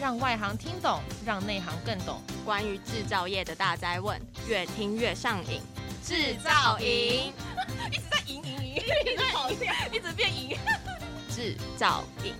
讓外行聽懂，讓內行更懂。關於製造業的大哉問，越聽越上癮。製造營一直在贏贏贏，一直跑 一直變贏。製造贏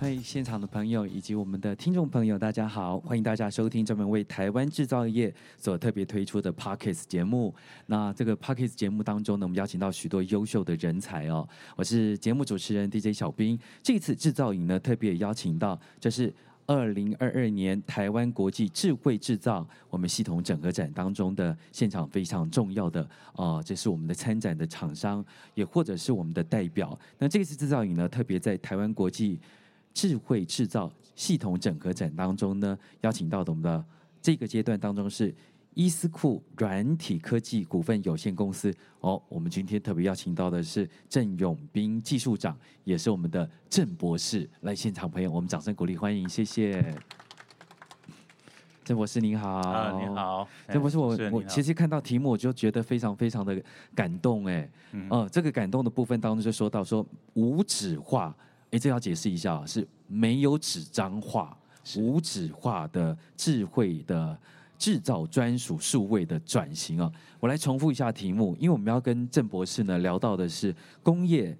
歡迎現場的朋友以及我們的聽眾朋友，大家好！歡迎大家收聽專門為台灣製造業所特別推出的 Podcast 節目。那這個 Podcast 節目當中呢，我們邀請到許多優秀的人才哦。我是節目主持人 DJ 小兵。這次製造影呢，特別邀請到，這是二零二二年台灣國際智慧製造我們系統整合展當中的現場非常重要的哦、呃，這是我們的參展的廠商，也或者是我們的代表。那這次製造影呢，特別在台灣國際，智慧製造系統整合展當中呢，邀請到的我們的這個階段當中是伊斯酷軟體科技股份有限公司。哦，我們今天特別邀請到的是鄭永斌技術長，也是我們的鄭博士來現場。朋友，我們掌聲鼓勵歡迎，謝謝。鄭博士您好，啊、呃、您好，鄭博士，我我其實看到題目我就覺得非常非常的感動哎，嗯、呃，這個感動的部分當中就說到說無紙化。誒，這要解釋一下，是沒有紙張化、無紙化的智慧的製造專屬數位的轉型啊、哦！我來重複一下題目，因為我們要跟鄭博士呢聊到的是工業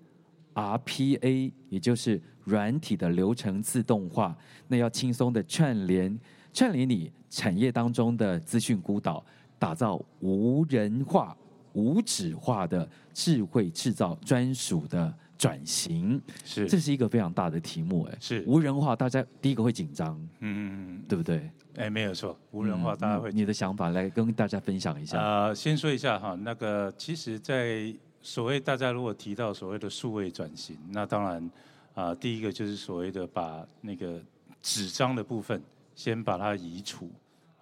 RPA，也就是軟體的流程自動化，那要輕鬆的串聯、串聯你產業當中的資訊孤島，打造無人化、無紙化的智慧製造專屬的。轉型是，這是一個非常大的題目。哎，是無人化，大家第一個會緊張，嗯嗯嗯，對不對？哎、欸，沒有錯，無人化大家會。嗯、你的想法來跟大家分享一下。啊、呃，先說一下哈，那個其實，在所謂大家如果提到所謂的數位轉型，那當然啊、呃，第一個就是所謂的把那個紙張的部分先把它移除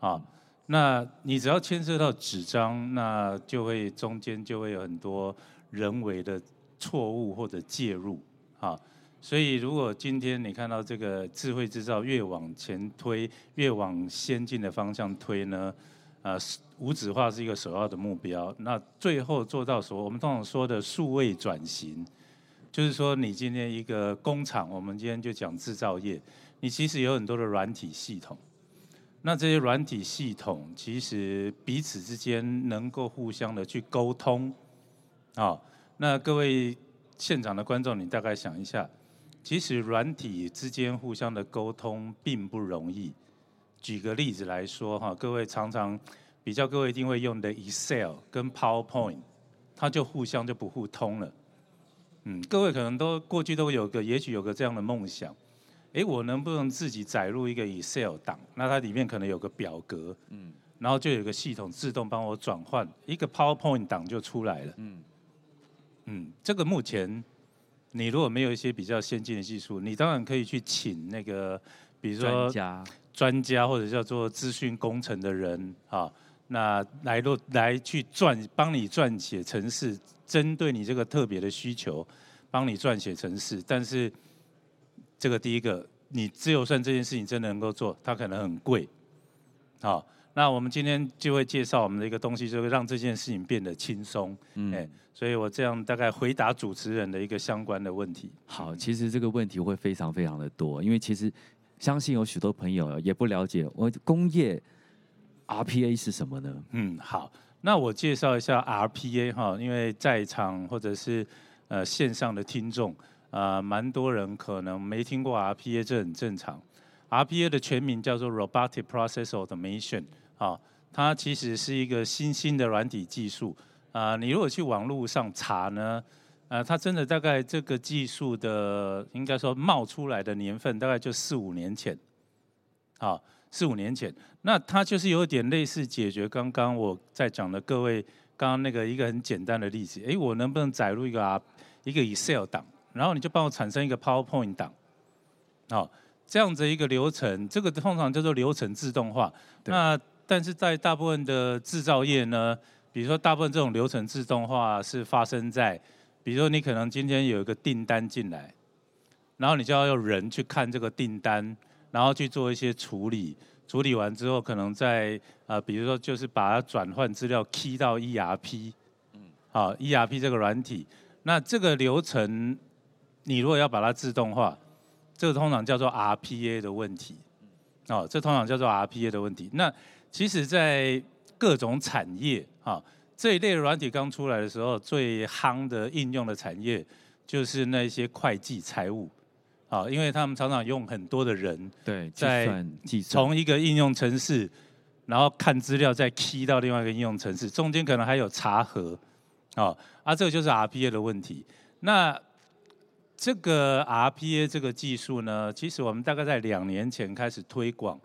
啊，那你只要牽涉到紙張，那就會中間就會有很多人為的。錯誤或者介入啊，所以如果今天你看到這個智慧製造越往前推，越往先進的方向推呢，啊、呃，無紙化是一個首要的目標。那最後做到所我們通常說的數位轉型，就是說你今天一個工廠，我們今天就講製造業，你其實有很多的軟體系統，那這些軟體系統其實彼此之間能夠互相的去溝通啊。那各位現場的觀眾，你大概想一下，其實軟體之間互相的溝通並不容易。舉個例子來說，哈，各位常常比較，各位一定會用的 Excel 跟 PowerPoint，它就互相就不互通了。嗯，各位可能都過去都有個，也許有個這樣的夢想，哎、欸，我能不能自己載入一個 Excel 檔？那它裡面可能有個表格，然後就有個系統自動幫我轉換一個 PowerPoint 檔就出來了。嗯。嗯，這個目前你如果沒有一些比較先進的技術，你當然可以去請那個，比如說專家，專家或者叫做資訊工程的人啊，那來錄來去撰幫你撰寫程式，針對你這個特別的需求，幫你撰寫程式。但是這個第一個，你只有算這件事情真的能夠做，它可能很貴，好。那我們今天就會介紹我們的一個東西，就會讓這件事情變得輕鬆，嗯欸。所以我這樣大概回答主持人的一個相關的問題。好，嗯、其實這個問題會非常非常的多，因為其實相信有許多朋友也不了解我工業 RPA 是什麼呢？嗯，好，那我介紹一下 RPA 哈，因為在場或者是呃線上的聽眾啊，蠻、呃、多人可能沒聽過 RPA，這很正常。RPA 的全名叫做 Robotic Process Automation。啊，它其實是一個新興的軟體技術啊、呃。你如果去網絡上查呢，啊、呃，它真的大概這個技術的應該說冒出來的年份大概就四五年前，好，四五年前。那它就是有點類似解決剛剛我在講的各位剛剛那個一個很簡單的例子，哎，我能不能載入一個、啊、一個 Excel 檔，然後你就幫我產生一個 PowerPoint 檔，好，這樣子一個流程，這個通常叫做流程自動化，那。但是在大部分的製造業呢，比如說大部分這種流程自動化是發生在，比如說你可能今天有一個訂單進來，然後你就要用人去看這個訂單，然後去做一些處理，處理完之後可能在啊、呃，比如說就是把它轉換資料 key 到 ERP，嗯，好 ERP 這個軟體，那這個流程你如果要把它自動化，這個通常叫做 RPA 的問題，哦，這通常叫做 RPA 的問題，那。其實在各種產業啊，這一類軟體剛出來的時候，最夯的應用的產業就是那些會計財務啊，因為他們常常用很多的人，對，在從一個應用程式，然後看資料再 key 到另外一個應用程式，中間可能還有查核，啊，啊，這個就是 RPA 的問題。那這個 RPA 這個技術呢，其實我們大概在兩年前開始推廣。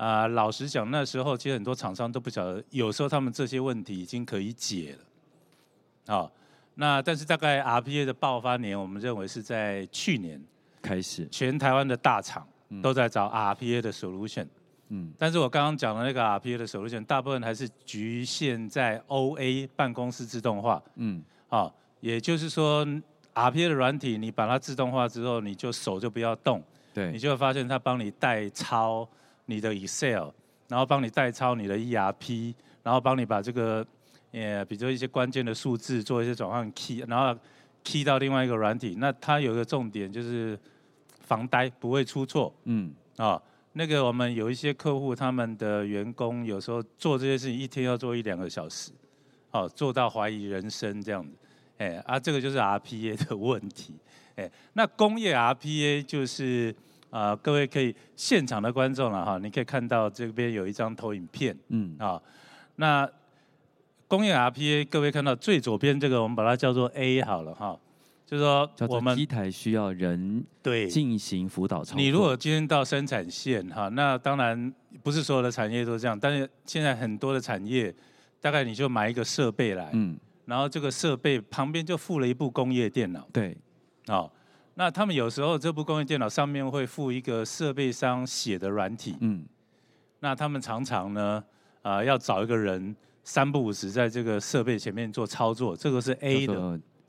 啊、呃，老實講，那時候其實很多廠商都不曉得，有時候他們這些問題已經可以解了。好，那但是大概 RPA 的爆發年，我們認為是在去年開始，全台灣的大廠都在找 RPA 的 solution。嗯，但是我剛剛講的那個 RPA 的 solution，大部分還是局限在 OA 辦公室自動化。嗯，好、哦，也就是說 RPA 的軟體，你把它自動化之後，你就手就不要動，對，你就會發現它幫你代操，你的 Excel，然後幫你代抄你的 ERP，然後幫你把這個，呃，比如說一些關鍵的數字做一些轉換 key，然後 key 到另外一個軟體。那它有一個重點就是防呆，不會出錯。嗯，啊、哦，那個我們有一些客戶，他們的員工有時候做這些事情一天要做一兩個小時，哦，做到懷疑人生這樣子。哎，啊，這個就是 RPA 的問題。哎，那工業 RPA 就是。啊、呃，各位可以現場的觀眾了哈，你可以看到這邊有一張投影片，嗯，啊、哦，那工業 RPA，各位看到最左邊這個，我們把它叫做 A 好了哈、哦，就是說我們機台需要人對進行輔導操作。你如果今天到生產線哈、哦，那當然不是所有的產業都是這樣，但是現在很多的產業，大概你就買一個設備來，嗯，然後這個設備旁邊就附了一部工業電腦，對，好、哦。那他們有時候這部工業電腦上面會附一個設備商寫的軟體，嗯，那他們常常呢，啊、呃，要找一個人三不五時在這個設備前面做操作，這個是 A 的啊、就是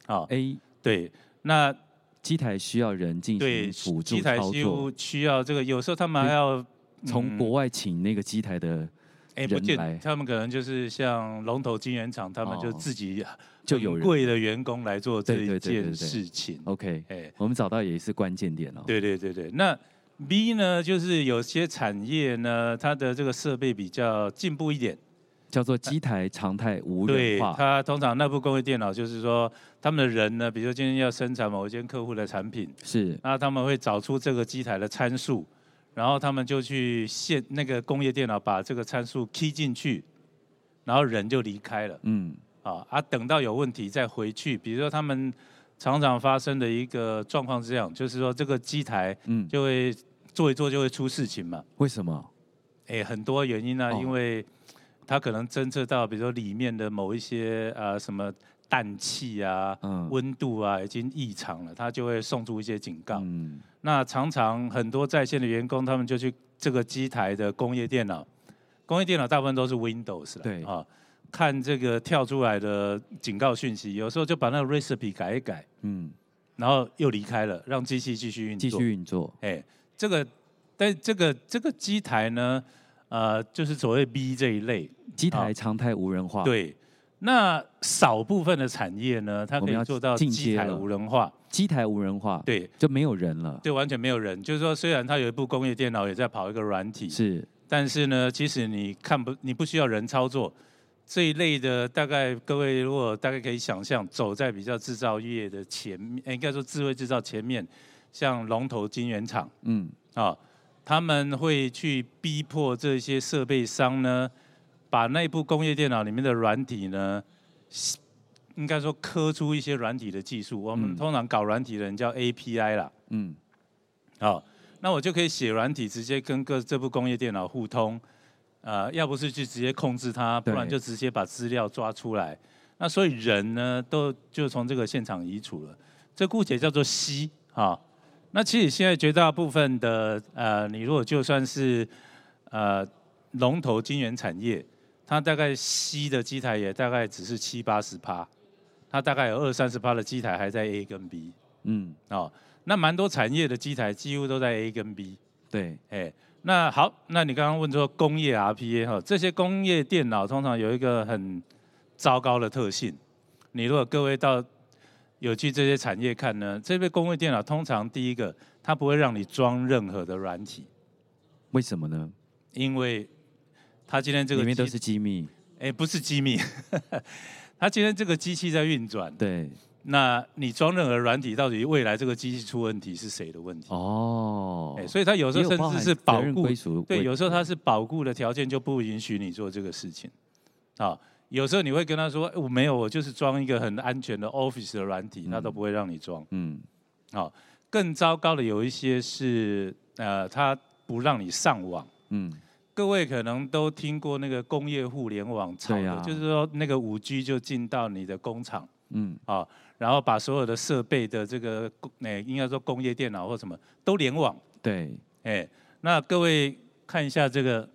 A, 哦、，A 對，那機台需要人進行輔助操作，機台需要這個，有時候他們還要從國外請那個機台的。嗯哎、欸，不見他們可能就是像龍頭晶圓廠，他們就自己、哦、就有貴的員工來做這件事情。對對對對對。欸、OK，哎，我們找到也是關鍵點哦。對對對對，那 B 呢，就是有些產業呢，它的這個設備比較進步一點，叫做機台常態無人化、啊、對，它通常那部工業電腦就是說，他們的人呢，比如說今天要生產某一間客戶的產品，是，那他們會找出這個機台的參數。然後他們就去線那個工業電腦把這個參數 key 進去，然後人就離開了。嗯，啊等到有問題再回去，比如說他們常常發生的一個狀況是這樣，就是說這個機台就會做一做就會出事情嘛。為什麼？誒，很多原因呢、啊哦，因為它可能偵測到，比如說裡面的某一些啊、呃、什麼。氮氣啊，溫度啊，已經異常了，他就會送出一些警告。嗯。那常常很多在線的員工，他們就去這個機台的工業電腦，工業電腦大部分都是 Windows 啦，對啊，哦，看這個跳出來的警告訊息，有時候就把那個 recipe 改一改，嗯，然後又離開了，讓機器繼續運作。繼續運作，哎，這個但這個這個機台呢，呃，就是所謂 B 這一類機台，常態無人化。哦，對。那少部分的產業呢，它可以做到機台無人化。機台無人化，對，就沒有人了，就完全沒有人。就是說，雖然它有一部工業電腦也在跑一個軟體，是，但是呢，其實你看不，你不需要人操作這一類的。大概各位如果大概可以想象，走在比較製造業的前面，應該說智慧製造前面，像龍頭晶圓廠，嗯，啊，他們會去逼迫這些設備商呢。把那部工業電腦裡面的軟體呢，應該說刻出一些軟體的技術，嗯。我們通常搞軟體的人叫 API 啦。嗯。好，那我就可以寫軟體，直接跟各這部工業電腦互通。啊、呃，要不是去直接控制它，不然就直接把資料抓出來。那所以人呢，都就從這個現場移除了。這姑且叫做 C 啊。那其實現在絕大部分的呃，你如果就算是呃龍頭晶圓產業。它大概 C 的機台也大概只是七八十趴，它大概有二三十趴的機台還在 A 跟 B，嗯，哦，那蠻多產業的機台幾乎都在 A 跟 B。對，哎，那好，那你剛剛問說工業 RPA 哈，這些工業電腦通常有一個很糟糕的特性，你如果各位到有去這些產業看呢，這邊工業電腦通常第一個它不會讓你裝任何的軟體，為什麼呢？因為。他今天這個機裡面都是機密，哎、欸，不是機密。 他今天這個機器在運轉，對。那你裝任何軟體，到底未來這個機器出問題是誰的問題？哦、欸。所以他有時候甚至是保固、欸，對，有時候他是保固的條件就不允許你做這個事情好。有時候你會跟他說，欸、我沒有，我就是裝一個很安全的 Office 的軟體，嗯，他都不會讓你裝。嗯。好，更糟糕的有一些是，呃，他不讓你上網。嗯。各位可能都聽過那個工業互聯網，炒的、啊、就是說那個五 G 就進到你的工廠，嗯啊，然後把所有的設備的這個工，那、欸、應該說工業電腦或什麼都聯網。對，哎、欸，那各位看一下這個，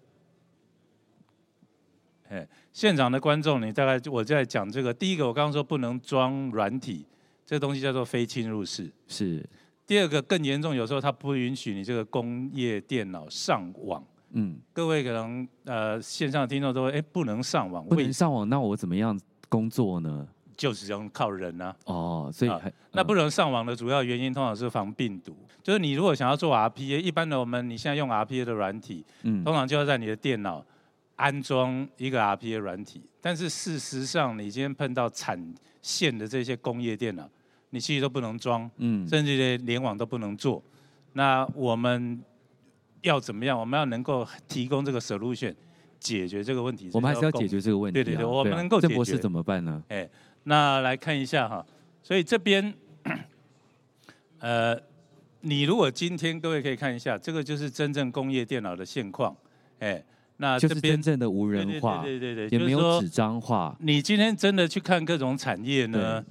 哎、欸，現場的觀眾，你大概我在講這個，第一個我剛剛說不能裝軟體，這個、東西叫做非侵入式。是。第二個更嚴重，有時候它不允許你這個工業電腦上網。嗯，各位可能呃線上的聽眾都會，哎、欸，不能上網，不能上網，那我怎麼樣工作呢？就只能靠人啊。哦，所以、呃、那不能上網的主要原因通常是防病毒。就是你如果想要做 RPA，一般的我們你現在用 RPA 的軟體，嗯，通常就要在你的電腦安裝一個 RPA 軟體。但是事實上，你今天碰到產線的這些工業電腦，你其實都不能裝，嗯，甚至聯網都不能做。那我們。要怎麼樣？我們要能夠提供這個 solution，解決這個問題。我們還是要解決這個問題，啊。對對對，我們能夠解決。鄭博士怎麼辦呢？哎、欸，那來看一下哈，所以這邊，呃，你如果今天各位可以看一下，這個就是真正工業電腦的現況。哎、欸，那這邊，就是、真的無人化，對對對，對，對，也沒有紙張化，就是。你今天真的去看各種產業呢？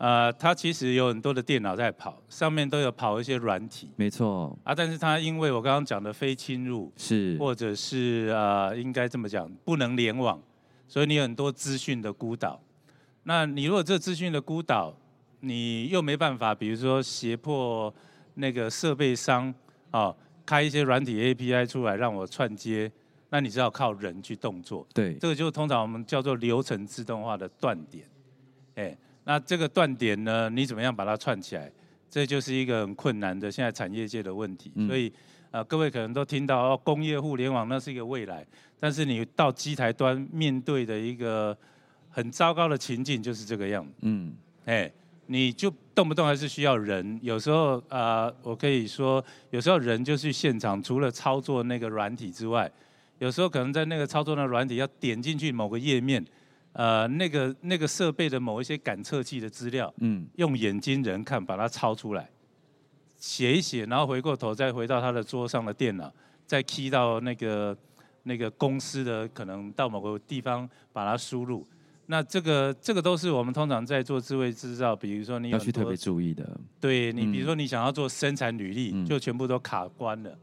呃，它其實有很多的電腦在跑，上面都有跑一些軟體。沒錯。啊，但是它因為我剛剛講的非侵入，是，或者是呃，應該這麼講，不能聯網，所以你有很多資訊的孤島。那你如果這資訊的孤島，你又沒辦法，比如說脅迫那個設備商哦，開一些軟體 API 出來讓我串接，那你就要靠人去動作。對。這個就通常我們叫做流程自動化的斷點，哎。那這個斷點呢，你怎麼樣把它串起來？這就是一個很困難的現在產業界的問題。嗯、所以，啊、呃，各位可能都聽到工業互聯網那是一個未來，但是你到機台端面對的一個很糟糕的情景就是這個樣子。嗯，哎、hey,，你就動不動還是需要人，有時候啊、呃，我可以說有時候人就是去現場，除了操作那個軟體之外，有時候可能在那個操作那軟體要點進去某個頁面。呃，那個那個設備的某一些感測器的資料，嗯，用眼睛人看，把它抄出來，寫一寫，然後回過頭再回到他的桌上的電腦，再 key 到那個那個公司的可能到某個地方把它輸入。那這個這個都是我們通常在做智慧制造，比如說你要去特別注意的，對你比如說你想要做生產履歷，嗯，就全部都卡關了。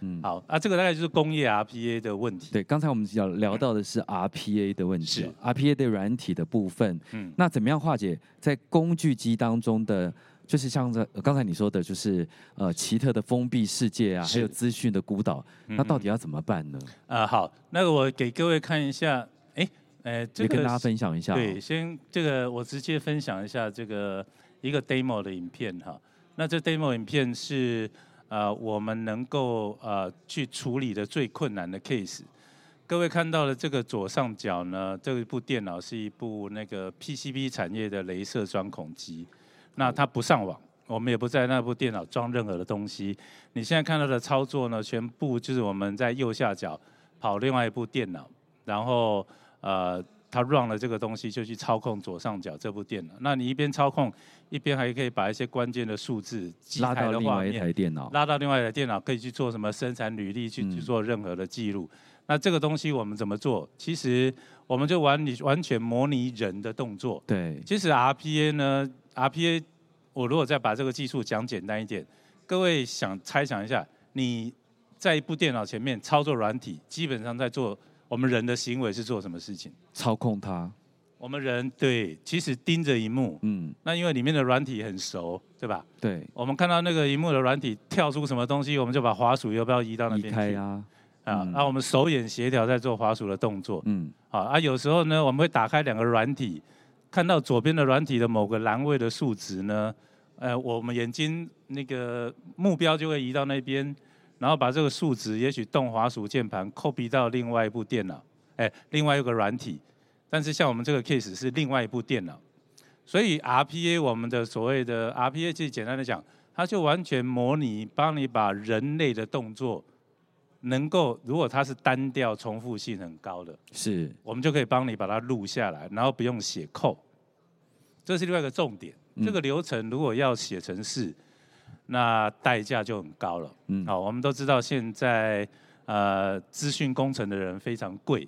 嗯好啊，這個大概就是工業 RPA 的問題。對，剛才我們聊聊到的是 RPA 的問題，RPA 的軟體的部分。嗯，那怎麼樣化解在工具機當中的，就是像這剛才你說的，就是呃奇特的封閉世界啊，還有資訊的孤島，那到底要怎麼辦呢？啊、嗯嗯呃，好，那我給各位看一下，哎、欸呃，這個、也跟大家分享一下、哦。對，先這個我直接分享一下這個一個 demo 的影片哈。那這 demo 影片是。啊、呃，我們能夠啊、呃、去處理的最困難的 case，各位看到的這個左上角呢，這一部電腦是一部那個 PCB 產業的雷射鑽孔機，那它不上網，我們也不在那部電腦裝任何的東西。你現在看到的操作呢，全部就是我們在右下角跑另外一部電腦，然後啊。呃它 run 了這個東西，就去操控左上角這部電腦，那你一邊操控，一邊還可以把一些關鍵的數字拉到另外一台電腦，拉到另外一台電腦可以去做什麼生產履歷，去去做任何的記錄。嗯。那這個東西我們怎麼做？其實我們就完完全模擬人的動作。對。其實 RPA 呢，RPA 我如果再把這個技術講簡單一點，各位想猜想一下，你在一部電腦前面操作軟體，基本上在做。我們人的行為是做什麼事情？操控它。我們人對，其實盯着螢幕，嗯，那因為裡面的軟體很熟，對吧？對。我們看到那個螢幕的軟體跳出什麼東西，我們就把滑鼠要不要移到那邊去？移開啊，那、啊嗯啊、我們手眼協調在做滑鼠的動作，嗯，好。啊，有時候呢，我們會打開兩個軟體，看到左邊的軟體的某個欄位的數值呢，呃，我們眼睛那個目標就會移到那邊。然後把這個數值，也許動滑鼠、鍵盤，copy 到另外一部電腦，誒、哎，另外有個軟體。但是像我們這個 case 是另外一部電腦，所以 RPA 我們的所謂的 RPA，其實簡單的講，它就完全模擬，幫你把人類的動作，能夠如果它是單調、重複性很高的，是，我們就可以幫你把它錄下來，然後不用寫 code。這是另外一個重點。這個流程如果要寫成是。嗯那代價就很高了。嗯，好，我們都知道現在呃，資訊工程的人非常貴，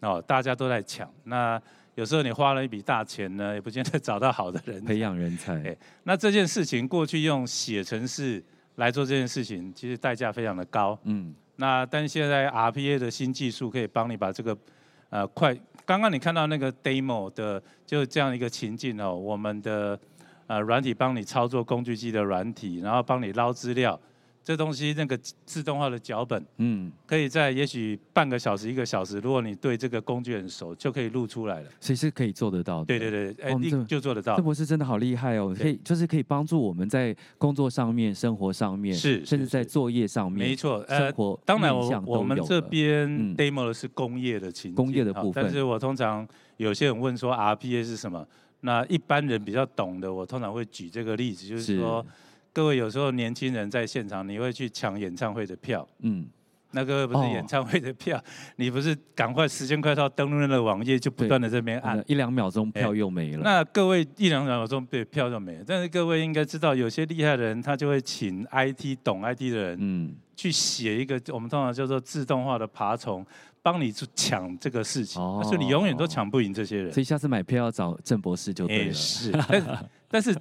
哦，大家都在搶。那有時候你花了一筆大錢呢，也不見得找到好的人。培養人才。欸，那這件事情過去用寫程式來做這件事情，其實代價非常的高。嗯。那但現在 RPA 的新技術可以幫你把這個呃快，剛剛你看到那個 demo 的，就這樣一個情境哦，我們的。呃，軟體幫你操作工具機的軟體，然後幫你撈資料，這東西那個自動化的腳本，嗯，可以在也許半個小時、一個小時，如果你對這個工具很熟，就可以錄出來了。所以是可以做得到的。對對對，哎、欸哦，就做得到。這博士真的好厲害哦，okay. 可以就是可以幫助我們在工作上面、生活上面，是，甚至在作業上面，是是是，沒錯。呃，生活當然我我們這邊 demo 的是工業的情工業的部分，但是我通常有些人問說 RPA 是什麼？那一般人比較懂的，我通常會舉這個例子，就是說，是各位有時候年輕人在現場，你會去搶演唱會的票，嗯，那各位不是演唱會的票，哦、你不是趕快時間快到登錄那個網頁，就不斷的這邊按一兩秒鐘票、欸、又沒了。那各位一兩秒鐘對票就沒了，但是各位應該知道，有些厲害的人他就會請 IT 懂 IT 的人，嗯，去寫一個我們通常叫做自動化的爬蟲。幫你去搶這個事情，哦、所以你永遠都搶不贏這些人、哦。所以下次買票要找鄭博士就對了。欸、是，但是， 但是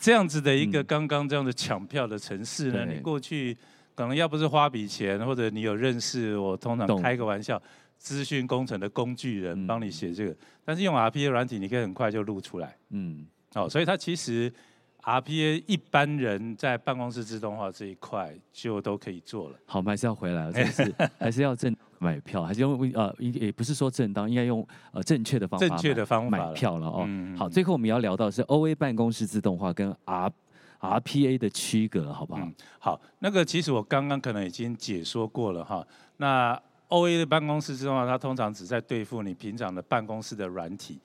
這樣子的一個剛剛這樣的搶票的程式呢、嗯，你過去可能要不是花筆錢，或者你有認識我，我通常開個玩笑，資訊工程的工具人幫、嗯、你寫這個，但是用 RPA 軟體，你可以很快就錄出來。嗯，哦，所以它其實 RPA 一般人在辦公室自動化這一塊就都可以做了。好，我們還是要回來了，了、欸、但是還是要正。 買票還是用呃，也不是說正當，應該用呃正確的方法，買票，正確的方法買票了哦、嗯。好，最後我們要聊到是 O A 辦公室自動化跟 R R P A 的區隔，好不好、嗯？好，那個其實我剛剛可能已經解說過了哈。那 O A 的辦公室自動化，它通常只在對付你平常的辦公室的軟體，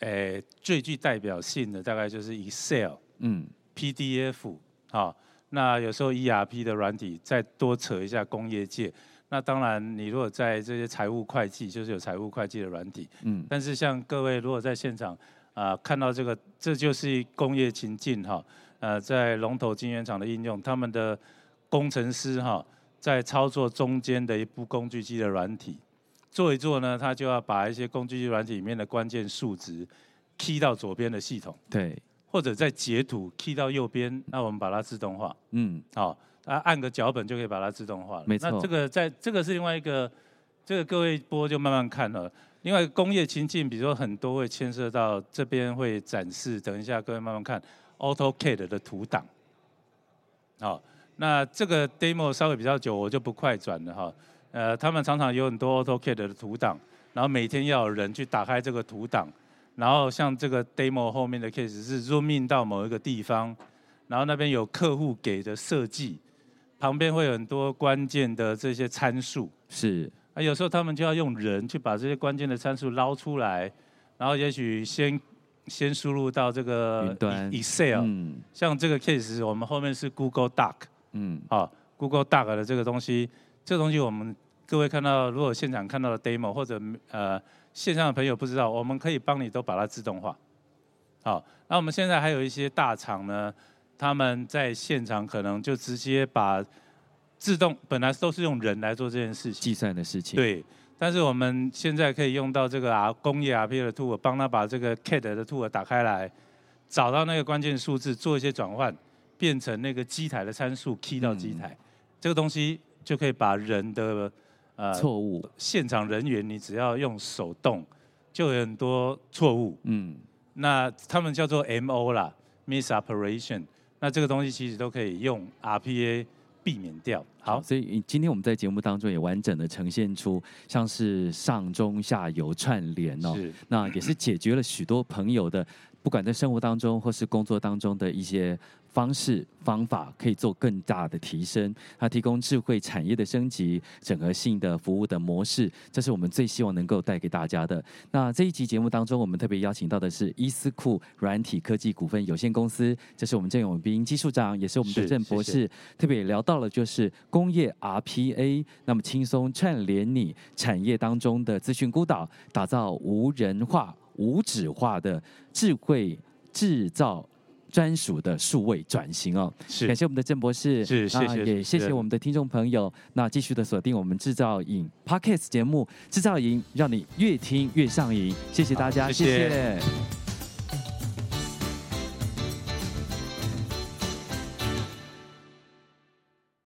誒、欸，最具代表性的大概就是 Excel，嗯，P D F 好，那有時候 E R P 的軟體，再多扯一下工業界。那當然，你如果在這些財務會計，就是有財務會計的軟體。嗯。但是像各位如果在現場，啊、呃，看到這個，這就是工業情境哈，呃，在龍頭晶圓廠的應用，他們的工程師哈、呃，在操作中間的一部工具機的軟體，做一做呢，他就要把一些工具機軟體裡面的關鍵數值，key 到左邊的系統。對。或者在截圖 key 到右邊，那我們把它自動化。嗯。好、哦。啊，按個腳本就可以把它自動化了。沒錯，那這個在這個是另外一個，這個各位播就慢慢看了。另外工業情境，比如說很多會牽涉到這邊會展示，等一下各位慢慢看，AutoCAD 的圖檔。好，那這個 demo 稍微比較久，我就不快轉了哈。呃，他們常常有很多 AutoCAD 的圖檔，然後每天要有人去打開這個圖檔，然後像這個 demo 後面的 case 是 zoom in 到某一個地方，然後那邊有客戶給的設計。旁邊會有很多關鍵的這些參數，是啊，有時候他們就要用人去把這些關鍵的參數撈出來，然後也許先先輸入到這個雲端 Excel，嗯，像這個 case，我們後面是 Google Doc，嗯，好，Google Doc 的這個東西，這個東西我們各位看到，如果現場看到的 demo 或者呃線上的朋友不知道，我們可以幫你都把它自動化。好，那我們現在還有一些大廠呢。他們在現場可能就直接把自動，本來都是用人來做這件事情，計算的事情，對。但是我們現在可以用到這個啊工業 RPA 的 tool，幫他把這個 CAD 的 tool 打開來，找到那個關鍵數字，做一些轉換，變成那個機台的參數、嗯、key 到機台。這個東西就可以把人的呃錯誤，現場人員，你只要用手動，就有很多錯誤。嗯。那他們叫做 MO 啦，misoperation。那這個東西其實都可以用 RPA 避免掉。好，好，所以今天我們在節目當中也完整的呈現出像是上中下游串聯哦，是，那也是解決了許多朋友的。不管在生活當中或是工作當中的一些方式方法，可以做更大的提升。它提供智慧產業的升級、整合性的服務的模式，這是我們最希望能夠帶給大家的。那這一期節目當中，我們特別邀請到的是伊斯酷軟體科技股份有限公司，這是我們鄭永斌技術長，也是我們的鄭博士。謝謝。特別聊到了就是工業 RPA，那麼輕鬆串聯你產業當中的資訊孤島，打造無人化。無紙化的智慧製造專屬的數位轉型哦，是感謝我們的鄭博士，是啊是，也謝謝我們的聽眾朋友。那繼續的鎖定我們製造營 Podcast 節目，製造營讓你越聽越上癮，謝謝大家，謝謝。謝謝。